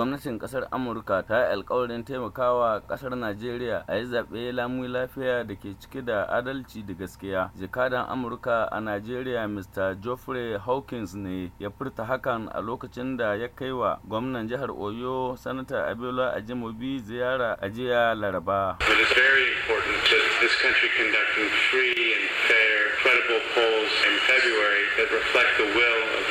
gwamnatin kasar amurka ta yi alkawarin taimakawa kasar najeriya a yi zaɓe lamu lafiya da ke cike da adalci da gaskiya jakadan amurka a najeriya mr geoffrey hawkins ne ya furta hakan a lokacin da ya kai wa gwamnan jihar oyo sanata abiola ajimobi ziyara a jiya laraba polls in February that reflect the will of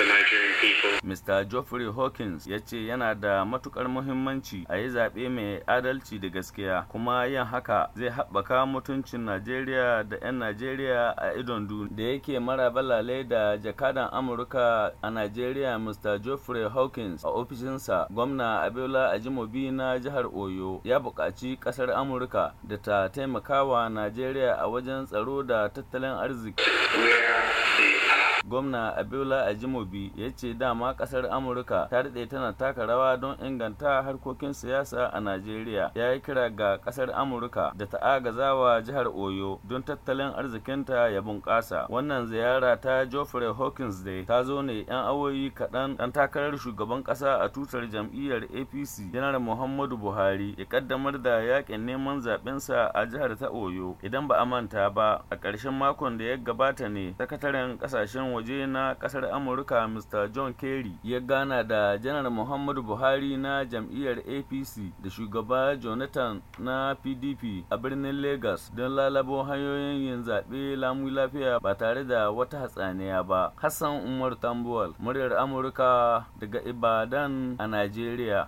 Mr. Geoffrey Hawkins ya ce yana da matukar muhimmanci a yi zaɓe mai adalci da gaskiya kuma yan haka zai haɓaka mutuncin Najeriya da 'yan Najeriya a idon duniya. Da yake marabalale da jakadan Amurka a Najeriya Mr. Geoffrey Hawkins a ofishinsa gwamna Abiola Ajimobi na jihar Oyo ya buƙaci ƙasar Amurka da ta taimakawa Najeriya a wajen tsaro da tattalin arziki. Gwamna Abiola Ajimobi ya ce dama kasar amurka ta daɗe tana taka rawa don inganta harkokin siyasa a najeriya ya yi kira ga kasar amurka da ta agazawa jihar oyo don tattalin arzikinta ya bunƙasa wannan ziyara ta geoffrey hawkins day ta zo ne yan awoyi kaɗan ɗan takarar shugaban ƙasa a tutar jam'iyyar apc janar muhammadu buhari ya ƙaddamar da yakin neman zaɓensa a jihar ta oyo idan ba a manta ba a ƙarshen makon da ya gabata ne sakataren ƙasashen waje na ƙasar amurka mr Mr. John Kerry ya gana da Janar Muhammadu Buhari na jam'iyyar APC da shugaba Jonathan na PDP a birnin Lagos don lalabo hanyoyin yin zaɓe lamu lafiya ba tare da wata hatsaniya ba. Hassan Umar Tambuwal, muryar Amurka daga Ibadan a Najeriya.